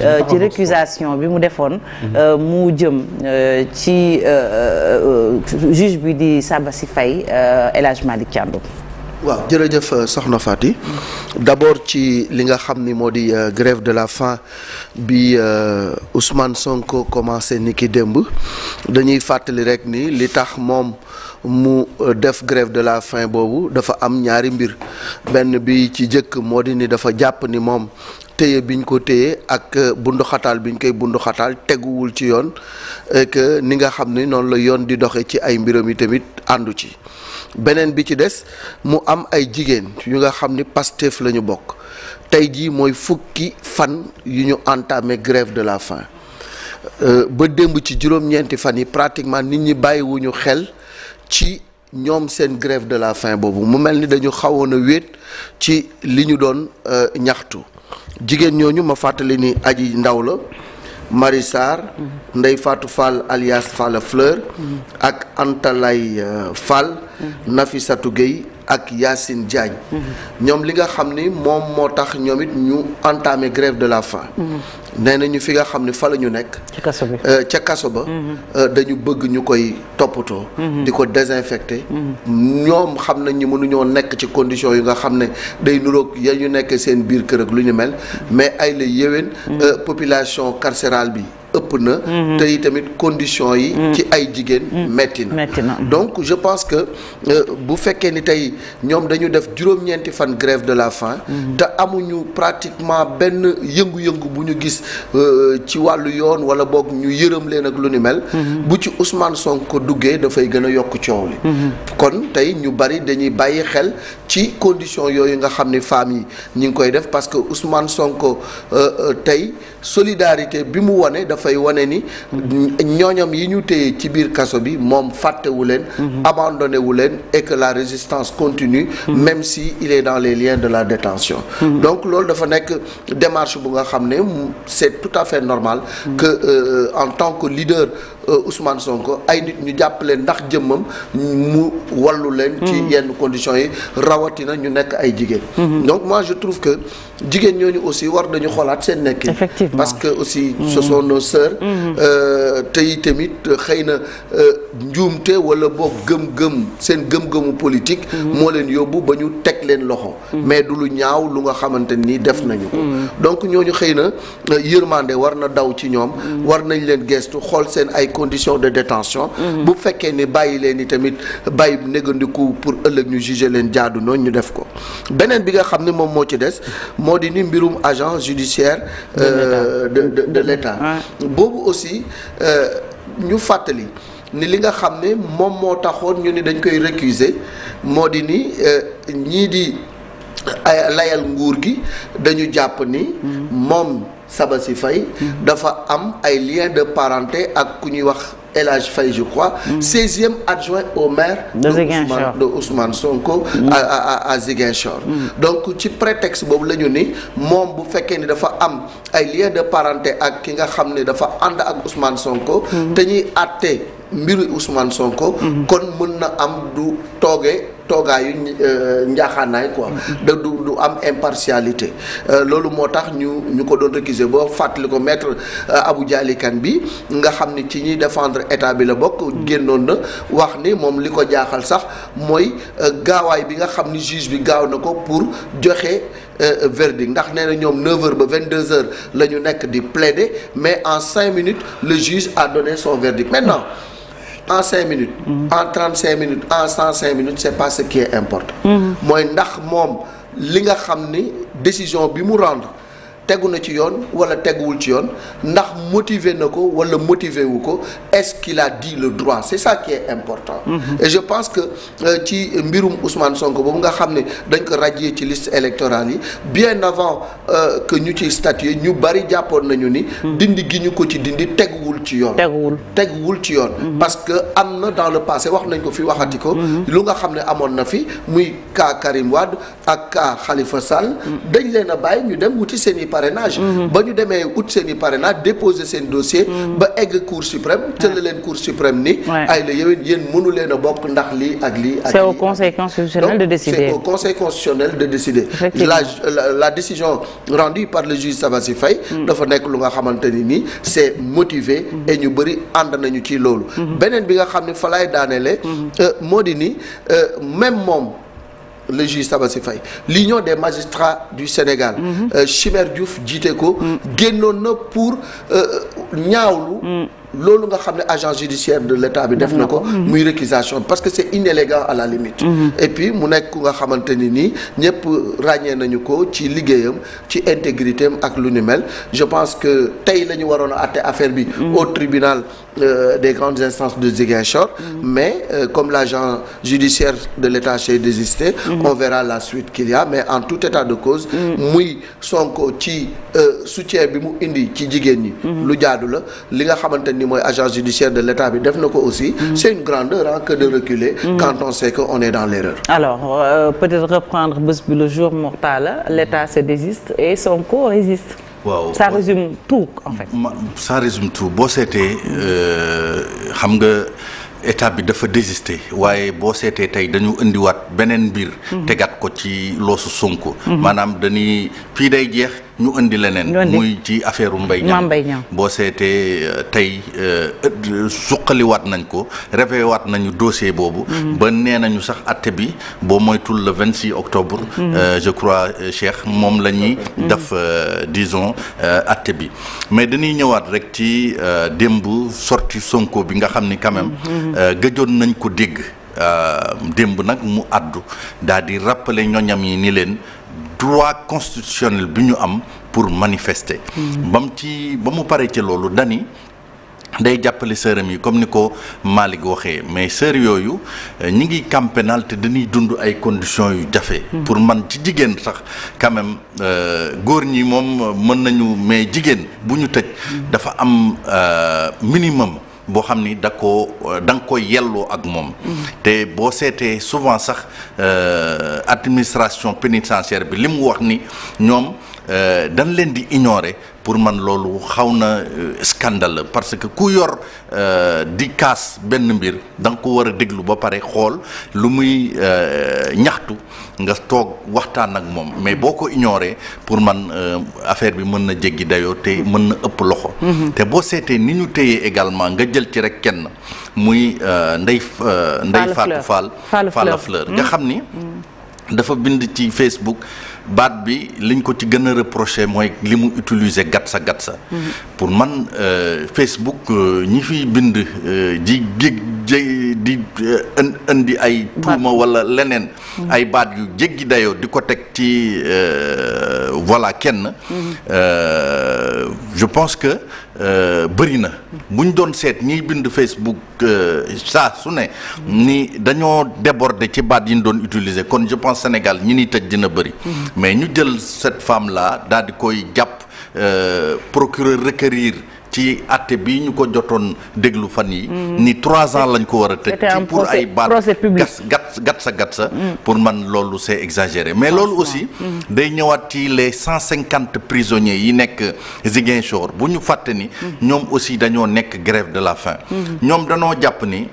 Euh, ci récusation bi mu defoon euh, mu jëm euh, ci juge bi di Sabassi Faye El Hadj Malick Thiandoum waaw jërëjëf soxna Fati ci li nga xam ni moo di grève de la faim bi Ousmane Sonko commencé ni ki démb dañuy fàttali rek ni li tax moom mu def grève de la fin boobu dafa am ñaari mbir benn bi ci jëkk moo di ni dafa jàpp ni moom téye biñ ko téyee ak euh, bunduxataal biñ koy bunduxataal teguwul ci yoon et euh, ni nga xam ne noonu la yoon di doxe ci ay mbiram yi tamit àndu ci beneen bi ci des mu am ay jigéen yu nga xam ni Pastef lañu bokk tey jii mooy fukki fan yu ñu entamé grève de la faim euh, ba démb ci juróom-ñeenti fan yi pratiquement nit ñi bàyyiwuñu xel ci ñoom seen grève de la fin boobu mu mel ni dañu xawoon a wéet ci li ñu doon ñaxtu jigéen ñooñu ma fàttali ni aji ndaw la Marie Ndey faatu Fall alias Falla Fleur ak Antalay euh, Fall mm. nafisatu Gueye ak Yacine Diagne. ñoom li nga xam ni moom moo tax ñoom ñu entamé grève de la faim. nee nañu fi nga xam ne fa la ñu nekk. ca kaso euh, ca kaso ba. Euh, dañu bëgg ñu koy toppatoo. di ko désinfecté. ñoom xam nañ ni mënuñoo nekk ci condition yu nga xam ne day nuroog ya ñu nekk seen biir kër ak lu ñu mel mais ay la yéwén. Euh, population carcérale bi ëpp na mhm. te tamit condition yi mhm. ci ay jigéen mhm. metti na donc je pense que euh, bu fekkee ni tey ñoom dañu def juróom-ñeenti fan grève de la faim te amuñu pratiquement benn yëngu-yëngu bu ñu gis euh, ci wàllu yoon wala boog ñu yërëm leen ak lu ni mel bu ci Ousmane Sonko duggee dafay gën a yokk coow li kon tey ñu bari dañuy bàyyi xel ci condition yooyu nga xam ni femmes yi ñu ngi koy def parce que Ousmane Sonko euh, tey solidarité bi mu wone dafay wane ni ñooñam yi ñu téye ci biir kaso bi moom fàttewu leen mhm. abandonné leen et que la résistance continue mhm. même si il est dans les liens de la détention mhm. donc loolu dafa nekk démarche bu nga xam ne c'est tout à fait normal que euh, en tant que leader Euh, Ousmane Sonko ay ñu jàpp jàppale ndax jëmmam mu wallu leen. ci hmm. yenn conditions yi rawatina ñu nekk ay jigéen. Hmm. donc moi je trouve que jigéen ñooñu aussi war nañu xoolaat seen nekkin. effectivement parce que aussi hmm. ce sont nos euh, te yi tamit xëy na euh, njuumte wala boog gëm-gëm seen gëm-gëmu politique. moo leen yóbbu ba ñu teg leen loxo. mais du lu ñaaw lu nga xamante nii def nañu ko. donc ñooñu xëy na yërmande war na daw ci ñoom. war nañ leen gestu xool seen ay conditions de détention bu fekkee ni bàyyi leen ni tamit bàyyi bu négandiku pour ëllëg ñu juger leen jaadu noonu ñu def ko beneen bi nga xam ne moom moo ci des moo di ni mbirum agent judiciaire euh, de de de l'État boobu aussi euh, ñu fàttali ni li nga xam ne moom moo taxoon ñu ni dañ koy récuser moo di ni euh, ñii di layal nguur gi dañu jàpp ni moom saba si fay dafa am ay lien de parenté ak ku ñuy wax El Hadj Faye je crois seizième adjoint au maire de Ousmane de Ousmane Sonko mm. à à Ziguinchor mm. donc ci prétexte boobu lañu ni moom bu fekkee ni dafa am ay lien de parenté ak ki nga xam ne dafa ànd ak Ousmane Sonko mm. te ñuy àtte mbiru Ousmane ko mhm. kon mën na am du toogee toogaayu euh, njaaxaanaay quoi. Mhm. da du du am impartialité. Euh, loolu moo tax ñu ñu ko doon récuser boo fàttali ko maître euh, abu Diali bi nga xam ni ci ñuy défendre état bi la bokk. Mhm. génnoon na wax ni moom li ko jaaxal sax mooy gaawaay bi nga xam ni juge bi gaaw na ko pour joxe. Euh, verdict ndax nee na ñoom 9h ba 22h la ñu nekk di plaider mais en 5 minutes le juge à donné son verdict maintenant. en cinq minutes. Mm-hmm. en trente cinq minutes en cent cinq minutes c'est pas ce qui est important. Mm-hmm. mooy ndax moom li nga xam ni décision bi mu rendre. tegu na ci yoon wala teguwul ci yoon ndax motiver na ko wala motiver wu ko est di le droit c'est ça qui est important mhm. et je pense que euh, ci mbirum Ousmane Sonko boobu nga xam ne dañ ko radier ci list électorale yi bien avant euh, que ñu ci statuer ñu bari jàppoon nañu ni mhm. dindi gi ñu ko ci dindi teguwul ci yoon teguwul teguwul ci yoon mhm. parce que am na dans le passé wax nañ ko fi waxati ko lu nga xam ne amoon na fi muy cas Karim ak cas Khalifa Sall dañ leen a bàyyi ñu dem wuti parrainage. Mhm. ba ñu demee ut seen i parrainage déposer seen dossier. Mhm. ba egg cour suprême. tënk leen cour suprême ni. ay la yow yéen mënu bokk ndax lii ak lii. ak lii c'est au de décider c'est au conseil constitutionnel de décider. la la décision rendue par le juge Sabassi Faye. Mm. dafa nekk lu nga xamante ni nii c'est motivé. Mm-hmm. et ñu bëri ànd nañu ci loolu. Mm-hmm. beneen bi nga xam ne fa laay mm-hmm. euh, moo di ni euh, même moom. le juge Sabassy Faye l'union des magistrats du Sénégal mhm. euh, Chimère Diouf jiite ko mhm. génnoon na pour euh, ñaawlu mm. loolu nga xam ne agent judiciaire de l'état bi def na ko mm. muy récusation parce que c'est inélégant à la limite mm-hmm. et puis mu nekk ku nga xamante ni nii ñëpp ràññee nañu ko ci liggéeyam ci intégrité am ak lu ni mel je pense que tey la ñu waroon a àtte affaire bi mm. au tribunal Euh, des grandes instances de Ziguinchor. Mhm. mais euh, comme l'agent judiciaire de l'État s'est désisté. Mhm. on verra la suite qu'il y mais en tout état de cause. Mhm. muy Sonko ci euh, soutien bi mu indi ci jigéen ñi. lu jaadu la li nga xamante ni mooy agence judiciaire de l'État bi def na ko aussi. c'est une grandeur hein, que de reculer. quand on sait que on est dans l'erreur. alors peut-être reprendre bés le jour Mortala l'État se désiste et Sonko résiste. waaw ça résume tout ma ça résume tout boo seetee euh, xam nga état bi dafa désister waaye boo seetee tey dañu indiwaat beneen mbir. Mhm. tegaat ko ci loosu Sonko. maanaam dañuy fii day jeex. ñu indi leneen. muy ci affaire mbay ñam boo seetee euh, tey euh, suqaliwaat nañ ko réveillé waat nañu dossier boobu. Mm-hmm. ba nee nañu sax atte bi boo moytul le vingt six octobre. Mm-hmm. Euh, je crois Cheikh moom la ñuy. Mm-hmm. def disons atte bi mais dañuy ñëwaat rek ci démb sorti Sonko bi nga xam ni quand même. gëjoon nañ ko dégg démb nag mu àddu daal di rappeler ñoñam yi ni leen. droit constitutionnel bi ñu am pour manifester. Mm. ba mu ci ba mu paree ci loolu dani day jàppale sëram yi comme ni ko Malick waxee mais sër yooyu euh, ñi ngi camp te dañuy dund ay conditions yu jafe. Mm. pour man ci jigéen sax quand même euh, góor ñi moom mën nañu mais jigéen bu ñu teg mm. dafa am euh, minimum. boo xam ni da koo euh, da nga koy yelloo ak moom. te boo seetee souvent sax euh, administration pénitentiaire bi li mu wax ni ñoom. Euh, dañ leen di ignorer pour man loolu xaw na euh, scandale parce que ku yor euh, di kaas benn mbir da nga ko war a déglu ba pare xool lu muy ñaxtu nga toog waxtaan ak moom mais boo ko ignorer pour man affaire bi mën na jéggi dayoo tey mën na ëpp loxo. Mhm. te boo seetee ni ñu téyee également nga jël ci rek kenn muy ndey. Ndeye Fatou Fall Fleur mhm. nga xam ni mhm. dafa bind ci Facebook. baat bi liñ ko ci gën a mooy li mu utiliser gatsa gatsa pour man euh, Facebook euh, ñi fi bind ji euh, gég di indi ay tuuma walla leneen mm-hmm. ay baat yu jéggi dayoo di ko teg ci voilà kenn mm-hmm. je pense que euh, bëri na bu ñu doon seet ñiy bind Facebook euh, saa su ne ni dañoo déborder ci baat yi nu doon utiliser kon je pense Sénégal ñi ni tëj dina bëri mm-hmm. mais ñu jël cette femme là daal di koy jàpp euh, procureur requérir ci àtte bi ñu ko jotoon déglu fan yi mm-hmm. ni trois ans lañ ko war a tëj ci pour ay baat gat gat sa gat sa mm. pour man loolu c'est exagéré mais loolu aussi mm. day ñëwaat ci les cent cinquante prisonniers yi nekk Ziguinchor bu ñu fàtte ni mm. ñoom aussi dañoo nekk grève de la faim ñoom dañoo jàpp ni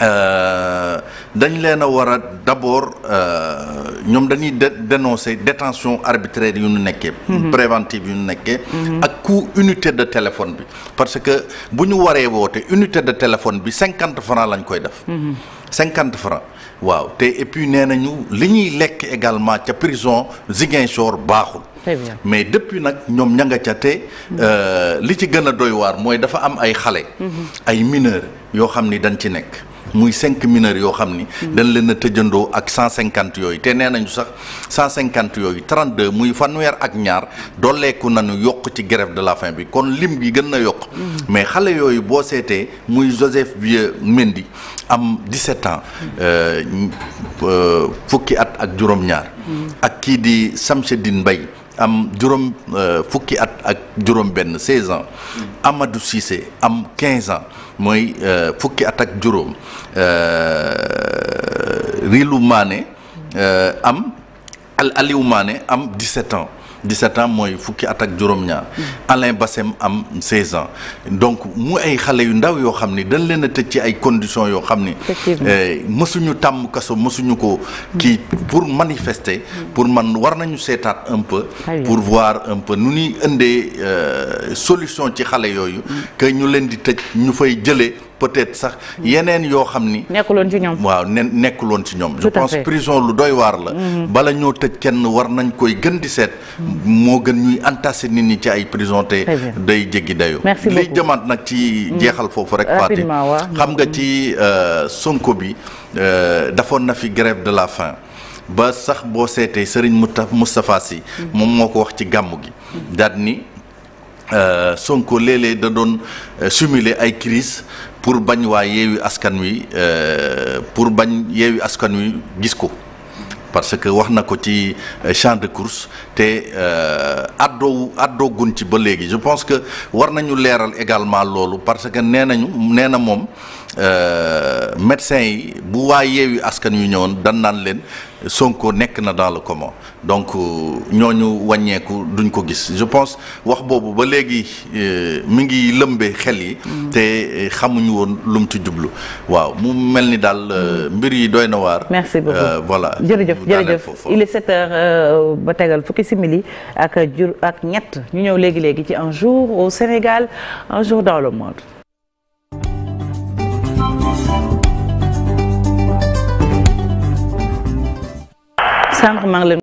Euh, dañ leen a war a d'abord euh, ñoom dañuy dénoncer détention arbitraire yu ñu nekkee mhm. préventive yu ñu nekkee mhm. ak coût unité de téléphone bi parce que bu ñu waree woote unité de téléphone bi cinquante francs lañ koy def mhm. cinquante francs waaw te et puis nee nañu li ñuy lekk également ca prison Ziguinchor baaxul mais depuis nag ñoom ña nga ca te euh, li ci gën a doy waar mooy dafa am ay xale ay mineurs yoo xam ni dañ ci nekk muy cinq mineurs yoo xam ni. dañ leen a tëjandoo ak cent cinquante yooyu te nee nañu sax cent cinquante yooyu trente deux muy fanweer ak ñaar dooleeku nañu yokk ci grève de la faim bi kon lim gi gën na yokk. mais xale yooyu boo seetee muy Joseph Vieux Mendy am dix sept ans euh, euh, fukki at ak juróom-ñaar. ak kii di Samshedine Mbaye am juróom euh, fukki at ak juróom-benn seize ans. Amadou Cissé am quinze ans. mooy euh, fukki at ak juróom euh, Rilu euh, Mané am Aliou maane am 17 ans. 17 ans mooy fukki at ak juróom-ñaar. Alain Bassem am 16 ans. donc mu ay xale yu ndaw yoo xam ni dañ leen a tëj ci ay conditions yoo xam ni. Eh, mësuñu tàmm kaso mësuñu ko. kii pour manifester. pour man war nañu seetaat un peu. pour voir un peu nu ñuy indee euh, solution ci xale yooyu. que ñu leen di tëj ñu fay jëlee. peut-être sax yeneen yoo xam ni. nekkuloon ci ñoom waaw ne nekkuloon ci ñoom. je pense prison lu doy waar la. Mm-hmm. bala ñoo tëj kenn war nañ koy gën di seet. moo gën ñuy entassé nit ñi ci ay prison te day jéggi dayoo. merci liy jëmaat nag ci mm-hmm. jeexal foofu rek. Fatou xam nga ci euh, Sonko bi euh, dafoon na fi grève de la faim. ba sax boo seetee Serigne Moustapha si mm-hmm. moom moo ko wax ci gàmm gi daal ni. Euh, Sonko léeg-léeg da doon euh, simuler ay crise pour bañ waa yeewi askan wi euh, pour bañ yeewi askan wi gis ko parce que wax na ko ci champ de course te àddoo àddoo gun ci ba léegi je pense que war nañu leeral également loolu parce que nee nañu nee na moom Euh, médecin yi bu waa askan yu ñëwoon dan naan leen Sonko nekk na dans le coma donc euh, ñooñu wàññeeku duñ ko gis je pense wax boobu ba léegi euh, mi ngi lëmbe xel yi. Mm. te xamuñu woon lu mu ci jublu. waaw mu mel ni daal mm. mbir yi dooy na waar. merci beaucoup jërëjëf jërëjëf il est 7 heures ba tegal fukki simili ak jur ak ñett ñu ñëw léegi léegi ci un jour au Sénégal un jour dans le monde. sànq maa ngi leen